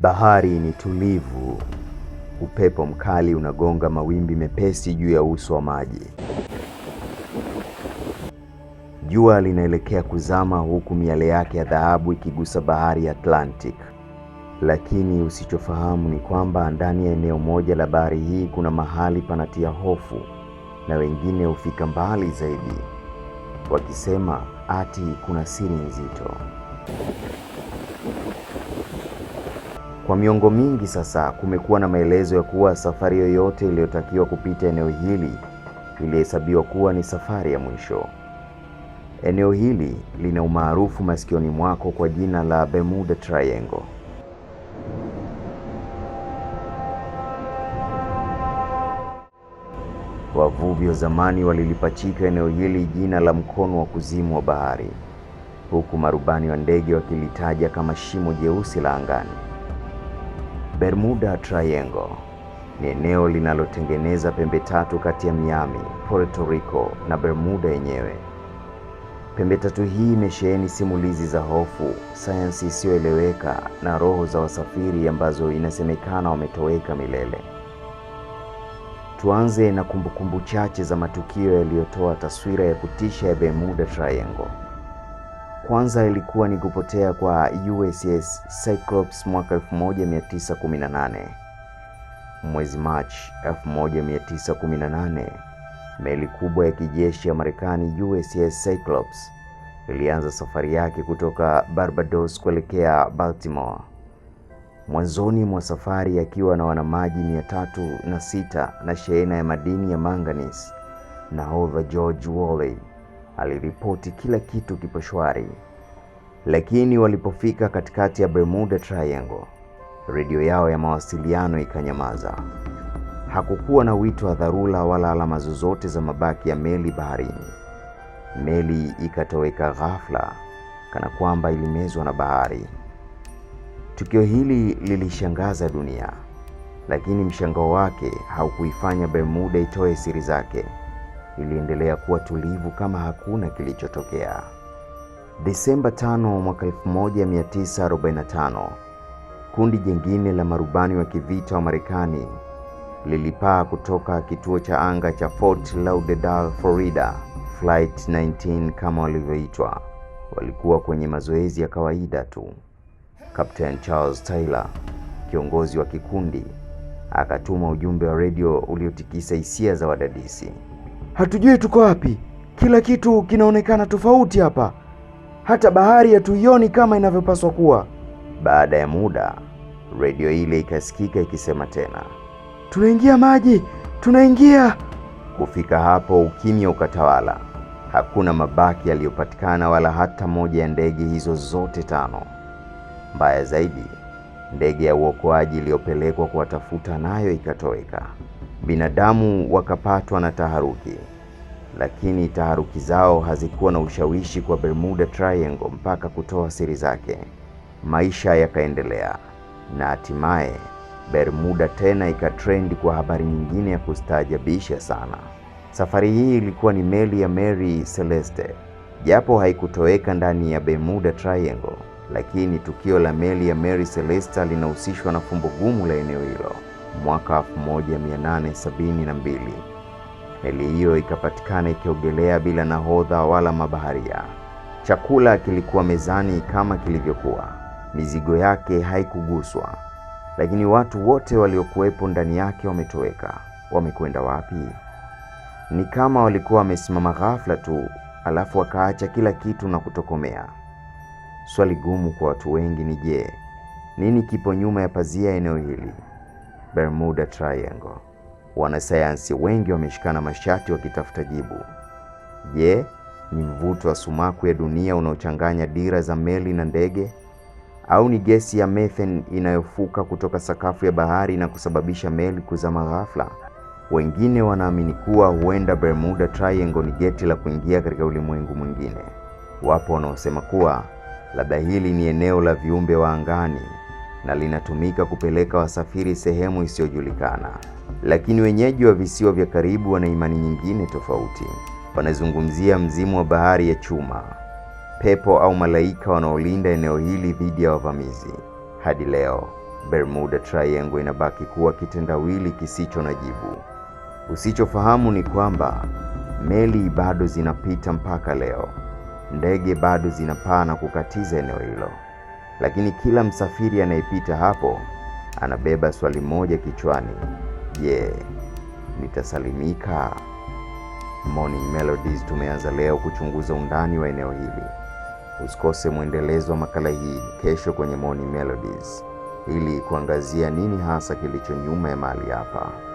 Bahari ni tulivu, upepo mkali unagonga mawimbi mepesi juu ya uso wa maji. Jua linaelekea kuzama, huku miale yake ya dhahabu ikigusa bahari ya Atlantic. Lakini usichofahamu ni kwamba ndani ya eneo moja la bahari hii kuna mahali panatia hofu, na wengine hufika mbali zaidi wakisema ati kuna siri nzito. Kwa miongo mingi sasa kumekuwa na maelezo ya kuwa safari yoyote iliyotakiwa kupita eneo hili ilihesabiwa kuwa ni safari ya mwisho. Eneo hili lina umaarufu masikioni mwako kwa jina la Bermuda Triangle. Wavuvi wa zamani walilipachika eneo hili jina la mkono wa kuzimu wa bahari, huku marubani wa ndege wakilitaja kama shimo jeusi la angani. Bermuda Triangle ni eneo linalotengeneza pembe tatu kati ya Miami, Puerto Rico na Bermuda yenyewe. Pembe tatu hii imesheheni simulizi za hofu, sayansi isiyoeleweka na roho za wasafiri ambazo inasemekana wametoweka milele. Tuanze na kumbukumbu chache za matukio yaliyotoa taswira ya kutisha ya Bermuda Triangle kwanza ilikuwa ni kupotea kwa USS Cyclops mwaka 1918. Mwezi Machi 1918, meli kubwa ya kijeshi ya Marekani USS Cyclops ilianza safari yake kutoka Barbados kuelekea Baltimore. Mwanzoni mwa safari akiwa na wanamaji 306 na shehena ya madini ya manganese, nahodha George Worley aliripoti kila kitu kipo shwari, lakini walipofika katikati ya Bermuda Triangle, redio yao ya mawasiliano ikanyamaza. Hakukuwa na wito wa dharura wala alama zozote za mabaki ya meli baharini. Meli ikatoweka ghafla, kana kwamba ilimezwa na bahari. Tukio hili lilishangaza dunia, lakini mshangao wake haukuifanya Bermuda itoe siri zake iliendelea kuwa tulivu kama hakuna kilichotokea. Desemba 5 mwaka 1945, kundi jingine la marubani wa kivita wa Marekani lilipaa kutoka kituo cha anga cha Fort Lauderdale, Florida, Flight 19 kama walivyoitwa. Walikuwa kwenye mazoezi ya kawaida tu. Captain Charles Taylor, kiongozi wa kikundi, akatuma ujumbe wa redio uliotikisa hisia za wadadisi. Hatujui tuko wapi, kila kitu kinaonekana tofauti hapa, hata bahari hatuioni kama inavyopaswa kuwa. Baada ya muda, redio ile ikasikika ikisema tena, tunaingia maji, tunaingia. Kufika hapo, ukimya ukatawala. Hakuna mabaki yaliyopatikana, wala hata moja ya ndege hizo zote tano. Mbaya zaidi, ndege ya uokoaji iliyopelekwa kuwatafuta nayo ikatoweka binadamu wakapatwa na taharuki, lakini taharuki zao hazikuwa na ushawishi kwa Bermuda Triangle mpaka kutoa siri zake. Maisha yakaendelea na hatimaye Bermuda tena ikatrendi kwa habari nyingine ya kustaajabisha sana. Safari hii ilikuwa ni meli ya Mary Celeste, japo haikutoweka ndani ya Bermuda Triangle, lakini tukio la meli ya Mary Celeste linahusishwa na fumbo gumu la eneo hilo mwaka 1872. Meli hiyo ikapatikana ikiogelea bila nahodha wala mabaharia. Chakula kilikuwa mezani kama kilivyokuwa, mizigo yake haikuguswa, lakini watu wote waliokuwepo ndani yake wametoweka. Wamekwenda wapi? Ni kama walikuwa wamesimama ghafla tu, alafu wakaacha kila kitu na kutokomea. Swali gumu kwa watu wengi ni je, nini kipo nyuma ya pazia eneo hili? Bermuda Triangle. Wanasayansi wengi wameshikana mashati wakitafuta jibu. Je, ni mvuto wa sumaku ya dunia unaochanganya dira za meli na ndege au ni gesi ya methane inayofuka kutoka sakafu ya bahari na kusababisha meli kuzama ghafla? Wengine wanaamini kuwa huenda Bermuda Triangle ni geti la kuingia katika ulimwengu mwingine. Wapo wanaosema kuwa labda hili ni eneo la viumbe wa angani na linatumika kupeleka wasafiri sehemu isiyojulikana. Lakini wenyeji wa visiwa vya karibu wana imani nyingine tofauti. Wanazungumzia mzimu wa bahari ya chuma, pepo au malaika wanaolinda eneo hili dhidi ya wavamizi. Hadi leo Bermuda Triangle inabaki kuwa kitendawili kisicho na jibu. Usichofahamu ni kwamba meli bado zinapita mpaka leo, ndege bado zinapaa na kukatiza eneo hilo lakini kila msafiri anayepita hapo anabeba swali moja kichwani: je, yeah, nitasalimika? Morning Melodies tumeanza leo kuchunguza undani wa eneo hili. Usikose mwendelezo wa makala hii kesho kwenye Morning Melodies ili kuangazia nini hasa kilicho nyuma ya mahali hapa.